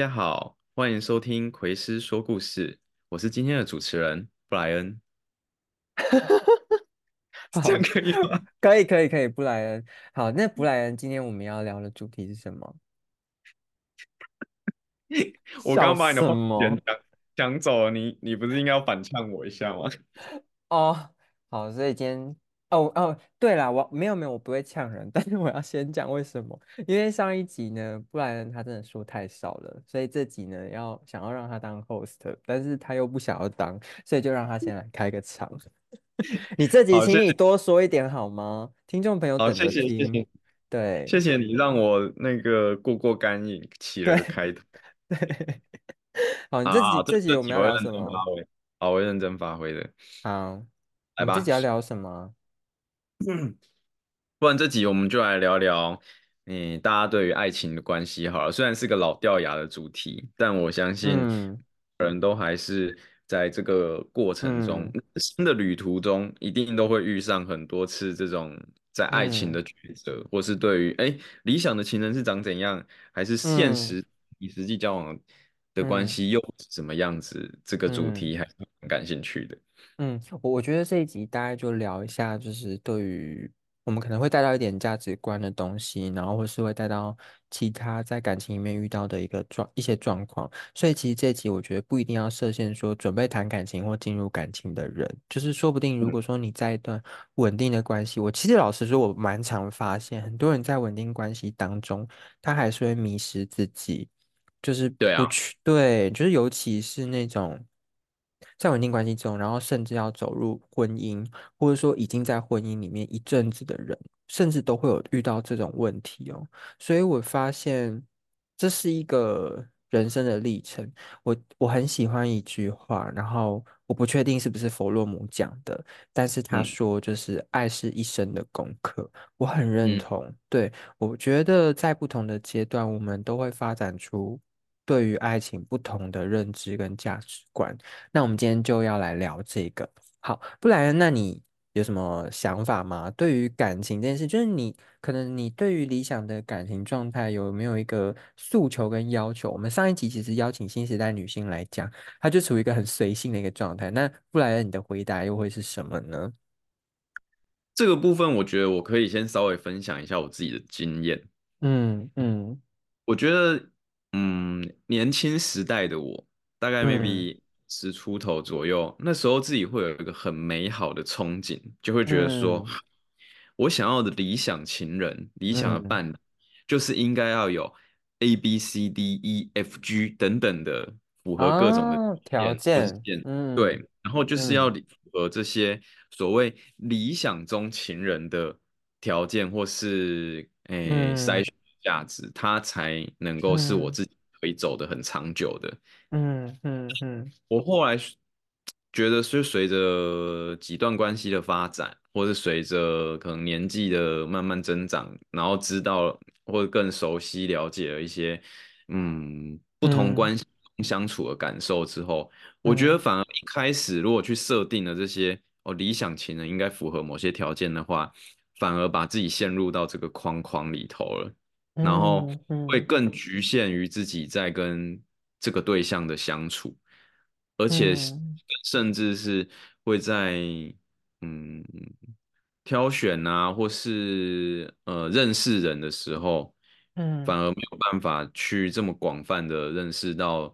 大家好，歡迎收聽《奎師說故事》，我是今天的主持人布萊恩。哈 這樣可以嗎？ 可以，可以，可以，布萊恩。好，那布萊恩，今天我們要聊的主題是什麼？ 我剛把你的話搶搶走了，你你不是應該要反嗆我一下嗎？ 哦，好，所以今天。哦哦，對了，我沒有沒有，我不會嗆人，但是我要先講為什麼，因為上一集呢，布萊恩他真的說太少了，所以這集呢要想要讓他當 host，但是他又不想要當，所以就讓他先來開個場。 你這集請你多說一點好嗎？ 哦、聽眾朋友，好、哦，謝謝，對，謝謝你讓我那個過過乾癮，起來開頭。對 對好，你自己自己有沒有什麼？好，我會認真發揮的、哦。好來吧，你自己要聊什麼？嗯，不然這集我們就來聊聊，嗯，大家對於愛情的關係好了。雖然是個老掉牙的主題，但我相信，人都還是在這個過程中，人生、嗯、的旅途中，一定都會遇上很多次這種在愛情的抉擇、嗯，或是對於哎、欸，理想的情人是長怎樣，還是現實與實際交往的關係又是什麼樣子、嗯？這個主題還是很感興趣的。嗯，我覺得這一集大概就聊一下，就是對於我們可能會帶到一點價值觀的東西，然後或是會帶到其他在感情裡面遇到的一個狀一些狀況。所以其實這一集我覺得不一定要設限說準備談感情或進入感情的人，就是說不定如果說你在一段穩定的關係，嗯、我其實老實說，我蠻常發現很多人在穩定關係當中，他還是會迷失自己，就是不去對啊，對，就是尤其是那種。在穩定關係中，然後甚至要走入婚姻，或者說已經在婚姻裡面一陣子的人，甚至都會有遇到這種問題哦。所以我發現這是一個人生的歷程。我我很喜歡一句話，然後我不確定是不是佛洛姆講的，但是他說就是“愛是一生的功課”，嗯、我很認同。對，我覺得在不同的階段，我們都會發展出。對於愛情不同的認知跟價值觀，那我們今天就要來聊這個。好，布萊恩，那你有什麼想法嗎？對於感情這件事，就是你可能你對於理想的感情狀態有沒有一個訴求跟要求？我們上一集其實邀請新時代女性來講，她就處於一個很隨性的一個狀態。那布萊恩，你的回答又會是什麼呢？這個部分，我覺得我可以先稍微分享一下我自己的經驗。嗯嗯，我覺得。嗯，年輕時代的我大概 maybe、嗯、十出頭左右，那時候自己會有一個很美好的憧憬，就會覺得說，嗯、我想要的理想情人、理想的伴侶、嗯，就是應該要有 A、B、C、D、E、F、G 等等的符合各種的條、啊、件，件，件、嗯，對，然後就是要符合這些所謂理想中情人的條件或是誒篩、欸嗯、選。價值，它才能夠是我自己可以走得很長久的。嗯嗯嗯。我後來覺得是隨着幾段關係的發展，或是隨着可能年紀的慢慢增長，然後知道或者更熟悉了解了一些，嗯，不同關係相處的感受之後、嗯，我覺得反而一開始如果去設定了這些、嗯、哦理想情人應該符合某些條件的話，反而把自己陷入到這個框框裡頭了。然後會更局限於自己在跟這個對象的相處，嗯嗯、而且甚至是會在嗯挑選啊，或是呃認識人的時候，嗯，反而沒有辦法去這麼廣泛的認識到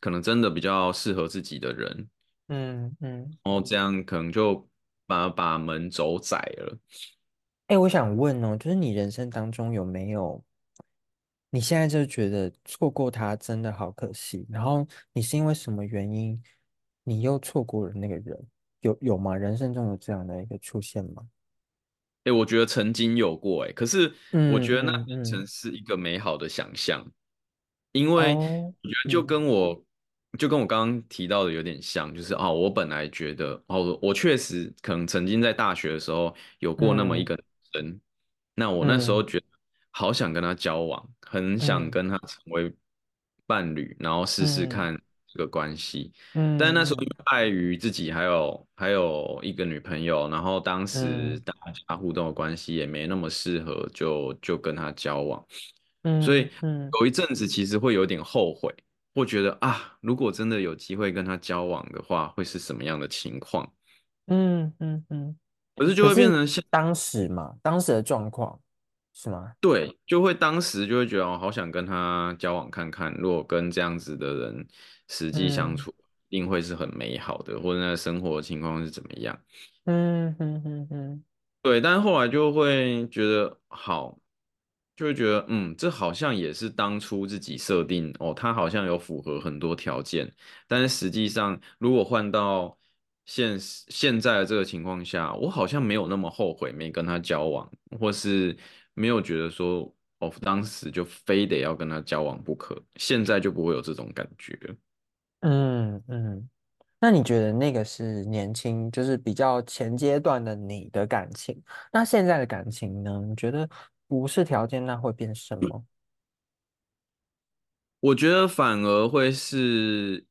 可能真的比較適合自己的人，嗯嗯，然後這樣可能就把把門走窄了。哎、欸，我想問哦，就是你人生當中有沒有你現在就覺得錯過他真的好可惜？然後你是因為什麼原因你又錯過了那個人？有有嗎？人生中有這樣的一個出現嗎？哎、欸，我覺得曾經有過，哎，可是我覺得那變成是一個美好的想象嗯嗯嗯、因為我覺得就跟我、哦、就跟我剛剛提到的有點像，就是啊、哦，我本來覺得哦，我確實可能曾經在大學的時候有過那麼一個、嗯。人，那我那時候覺得好想跟他交往，嗯、很想跟他成為伴侶、嗯，然後試試看這個關係。嗯，但那時候礙於自己還有還有一個女朋友，然後當時大家互動的關係也沒那麼適合，嗯、就就跟他交往。嗯，所以有一陣子其實會有點後悔，會、嗯、覺得、嗯、啊，如果真的有機會跟他交往的話，會是什麼樣的情況？嗯嗯嗯。嗯可是就會變成像當時嘛，當時的狀況是嗎？對，就會當時就會覺得我、哦、好想跟他交往看看，如果跟這樣子的人實際相處，一、嗯、定會是很美好的，或者那生活的情況是怎麼樣？嗯哼哼哼，對。但是後來就會覺得好，就會覺得嗯，這好像也是當初自己設定哦，他好像有符合很多條件，但是實際上如果換到。現現在的這個情況下，我好像沒有那麼後悔沒跟他交往，或是沒有覺得說，哦，當時就非得要跟他交往不可。現在就不會有這種感覺。嗯嗯，那你覺得那個是年輕，就是比較前階段的你的感情？那現在的感情呢？你覺得不是條件，那會變什麼？我覺得反而會是，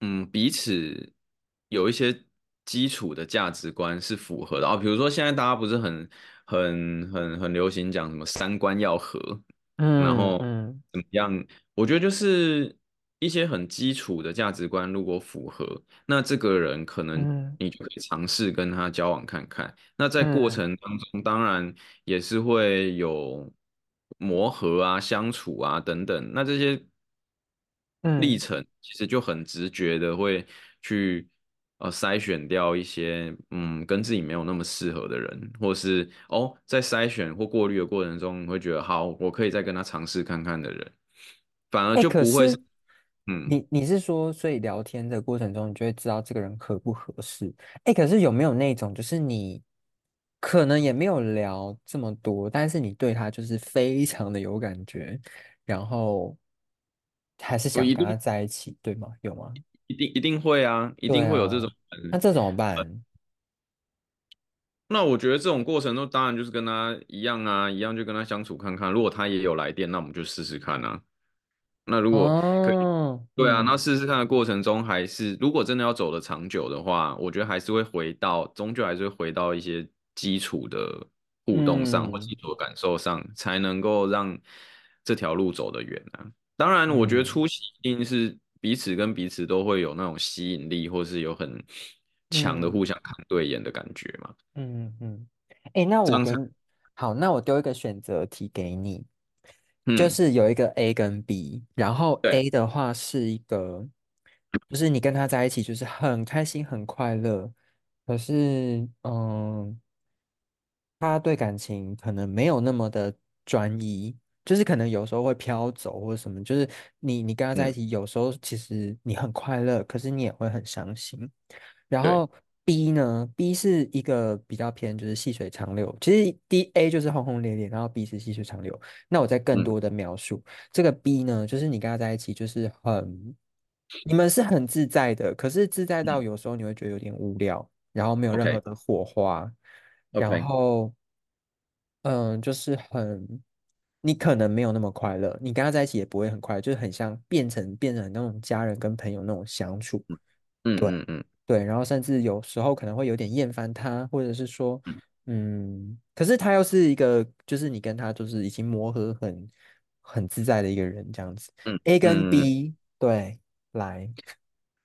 嗯，彼此。有一些基礎的價值觀是符合的哦，比如說現在大家不是很、很、很、很流行講什麼三觀要合，嗯，然後怎麼樣？我覺得就是一些很基礎的價值觀如果符合，那這個人可能你就可以嘗試跟他交往看看。那在過程當中，當然也是會有磨合啊、相處啊等等。那這些歷程其實就很直覺的會去。呃，篩選掉一些嗯，跟自己沒有那麼適合的人，或是哦，在篩選或過濾的過程中，你會覺得好，我可以再跟他嘗試看看的人，反而就不會、欸。嗯，你你是說，所以聊天的過程中，你就會知道這個人合不合適？哎、欸，可是有沒有那種，就是你可能也沒有聊這麼多，但是你對他就是非常的有感覺，然後還是想跟他在一起，對，對嗎？有嗎？一定一定會啊，一定會有這種、啊。那這怎麼辦？那我覺得這種過程中，當然就是跟他一樣啊，一樣就跟他相處看看。如果他也有來電，那我們就試試看啊。那如果可以，oh, 對啊，嗯、那試試看的過程中，還是如果真的要走的長久的話，我覺得還是會回到，終究還是會回到一些基礎的互動上、嗯、或基礎的感受上，才能夠讓這條路走得遠啊。當然，我覺得初期一定是。嗯彼此跟彼此都會有那種吸引力，或是有很強的互相看對眼的感覺嘛？嗯嗯，誒、嗯欸，那我們好，那我丟一個選擇題給你、嗯，就是有一個 A 跟 B，然後 A 的話是一個，就是你跟他在一起就是很開心很快樂，可是嗯，他對感情可能沒有那麼的專一。就是可能有時候會飄走或者什麼，就是你你跟他在一起，有時候其實你很快樂、嗯，可是你也會很傷心。然後 B 呢，B 是一個比較偏就是細水長流。其實 D A 就是轟轟烈烈，然後 B 是細水長流。那我再更多的描述、嗯、這個 B 呢，就是你跟他在一起就是很，你們是很自在的，可是自在到有時候你會覺得有點無聊，然後沒有任何的火花，okay, okay. 然後嗯、呃，就是很。你可能沒有那麼快樂，你跟他在一起也不會很快樂，就是很像變成變成那種家人跟朋友那種相處，嗯，對、嗯，嗯，對，然後甚至有時候可能會有點厭煩他，或者是說嗯，嗯，可是他又是一個就是你跟他就是已經磨合很很自在的一個人這樣子，嗯，嗯，A 跟 B、嗯、對，來，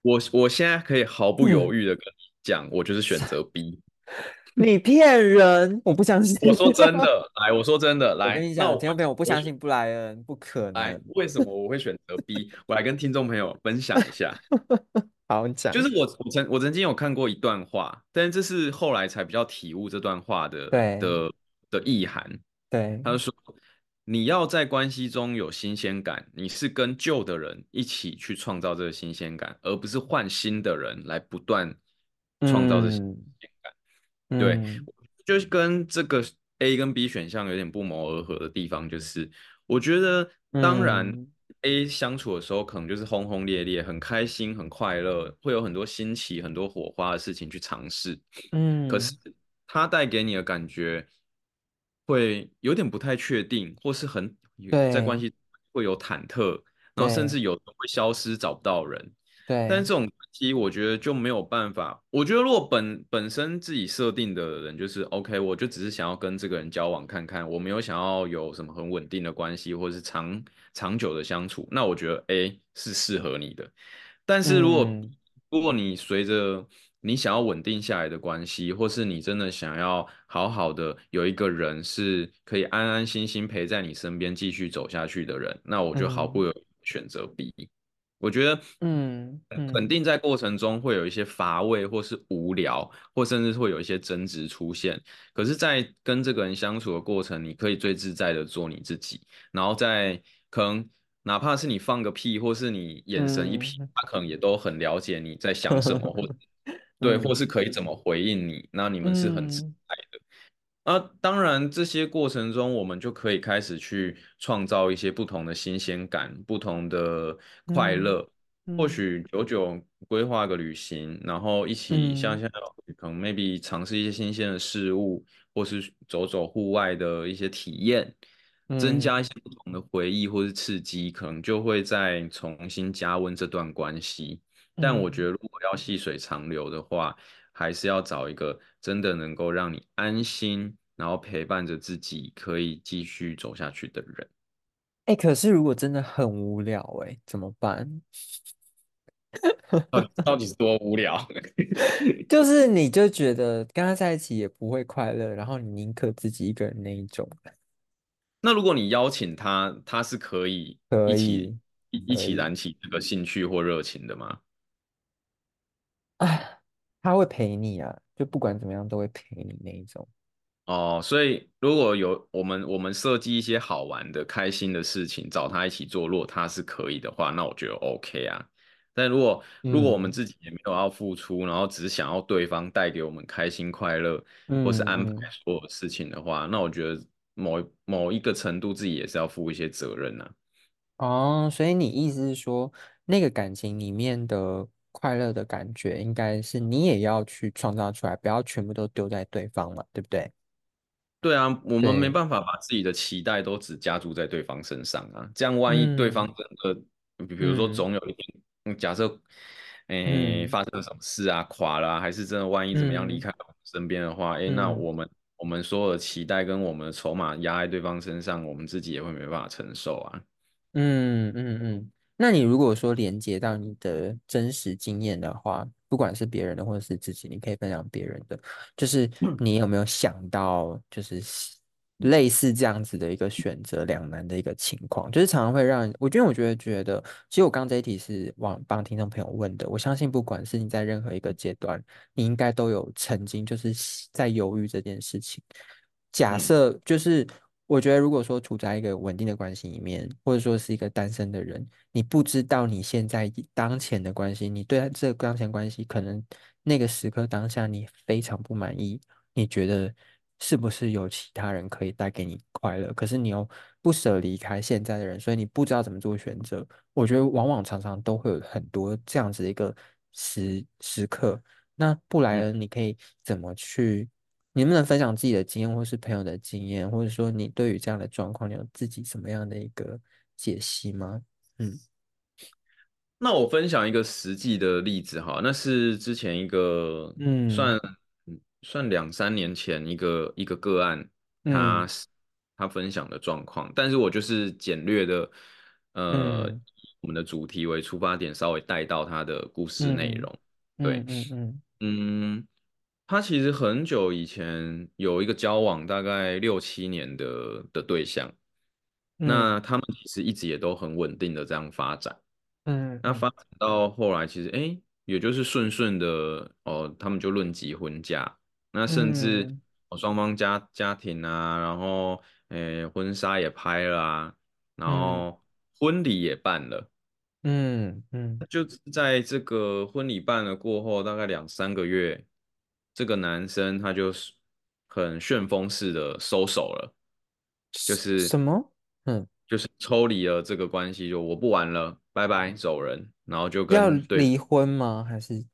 我我現在可以毫不猶豫的跟你講、嗯，我就是選擇 B。 你騙人，我不相信。 我說真的，來，我說真的，來。我跟你講，聽眾朋友，我不相信布萊恩，不可能。為什麼我會選擇 B？ 我來跟聽眾朋友分享一下。 好，你就是我，我曾我曾經有看過一段話，但是這是後來才比較體悟這段話的，對的的意涵。對，他就說，你要在關係中有新鮮感，你是跟舊的人一起去創造這個新鮮感，而不是換新的人來不斷創造這些。嗯對，嗯、就是跟這個 A 跟 B 選項有點不謀而合的地方，就是、嗯、我覺得，當然 A 相處的時候可能就是轟轟烈烈，很開心，很快樂，會有很多新奇、很多火花的事情去嘗試。嗯，可是他帶給你的感覺會有點不太確定，或是很，在關係中會有忐忑，然後甚至有時候會消失，找不到人。但這種問題，我覺得就沒有辦法。我覺得如果本本身自己設定的人就是 OK，我就只是想要跟這個人交往看看，我沒有想要有什麼很穩定的關係，或者是長長久的相處，那我覺得 A 是適合你的。但是如果如果你隨着你想要穩定下來的關係，或是你真的想要好好的有一個人是可以安安心心陪在你身邊繼續走下去的人，那我就毫不猶豫選擇 B。我覺得，嗯，肯定在過程中會有一些乏味，或是無聊，或甚至會有一些爭執出現。可是，在跟這個人相處的過程，你可以最自在的做你自己，然後在可能，哪怕是你放個屁，或是你眼神一瞥，他可能也都很了解你在想什麼，或 對，或是可以怎麼回應你。那你們是很自在的。啊，當然，這些過程中，我們就可以開始去創造一些不同的新鮮感、不同的快樂、嗯嗯。或許久久規劃個旅行，然後一起想想、嗯、可能 maybe 嘗試一些新鮮的事物，或是走走戶外的一些體驗、嗯，增加一些不同的回憶或是刺激，可能就會再重新加溫這段關係。但我覺得，如果要細水長流的話，嗯嗯還是要找一個真的能夠讓你安心，然後陪伴着自己，可以繼續走下去的人。哎、欸，可是如果真的很無聊、欸，哎，怎麼辦？到底是多無聊？ 就是你就覺得跟他在一起也不會快樂，然後你寧可自己一個人那一種、欸。那如果你邀請他，他是可以一起以以一,一起燃起這個興趣或熱情的嗎？哎。他會陪你啊，就不管怎麼樣都會陪你那一種。哦，所以如果有我們我們設計一些好玩的、開心的事情，找他一起做，如果他是可以的話，那我覺得 OK 啊。但如果如果我們自己也沒有要付出，嗯、然後只想要對方帶給我們開心、快樂，或是安排所有事情的話，嗯、那我覺得某某一個程度自己也是要負一些責任啊。哦，所以你意思是說，那個感情裡面的。快樂的感覺應該是你也要去創造出來，不要全部都丟在對方了，對不對？對啊，我們沒辦法把自己的期待都只加注在對方身上啊。這樣萬一對方整個、嗯，比如說總有一點，嗯、假設，哎，發生了什麼事啊，嗯、垮了、啊，還是真的萬一怎麼樣離開我們身邊的話，哎、嗯，那我們我們所有的期待跟我們的籌碼壓在對方身上，我們自己也會沒辦法承受啊。嗯嗯嗯。嗯那你如果說連接到你的真實經驗的話，不管是別人的或者是自己，你可以分享別人的，就是你有沒有想到，就是類似這樣子的一個選擇兩難的一個情況，就是常常會讓我覺得，因為我覺得覺得，其實我剛這一題是往幫聽眾朋友問的，我相信不管是你在任何一個階段，你應該都有曾經就是在猶豫這件事情。假設就是。我覺得，如果說處在一個穩定的關係裡面，或者說是一個單身的人，你不知道你現在當前的關係，你對這個當前關係可能那個時刻當下你非常不滿意，你覺得是不是有其他人可以帶給你快樂？可是你又不捨離開現在的人，所以你不知道怎麼做選擇。我覺得往往常常都會有很多這樣子一個時時刻。那布萊恩，你可以怎麼去？你能不能分享自己的經驗，或是朋友的經驗，或者說你對於這樣的狀況，你有自己什麼樣的一個解析嗎？嗯，那我分享一個實際的例子哈，那是之前一個嗯，算算兩三年前一個一個個案，他他、嗯、分享的狀況，但是我就是簡略的，呃，嗯、以我們的主題為出發點，稍微帶到他的故事內容、嗯。對，嗯嗯，嗯。嗯他其實很久以前有一個交往，大概六七年的的對象，嗯，那他們其實一直也都很穩定的這樣發展，嗯，那發展到後來，其實哎，也就是順順的哦，他們就論及婚嫁，那甚至，嗯哦，雙方家家庭啊，然後哎婚紗也拍了啊，然後婚禮也辦了，嗯嗯，就在這個婚禮辦了過後，大概兩三個月。這個男生他就很旋風式的收手了，就是什麼，嗯，就是抽離了這個關係，就我不玩了，拜拜，走人，然後就跟，要離婚嗎？還是？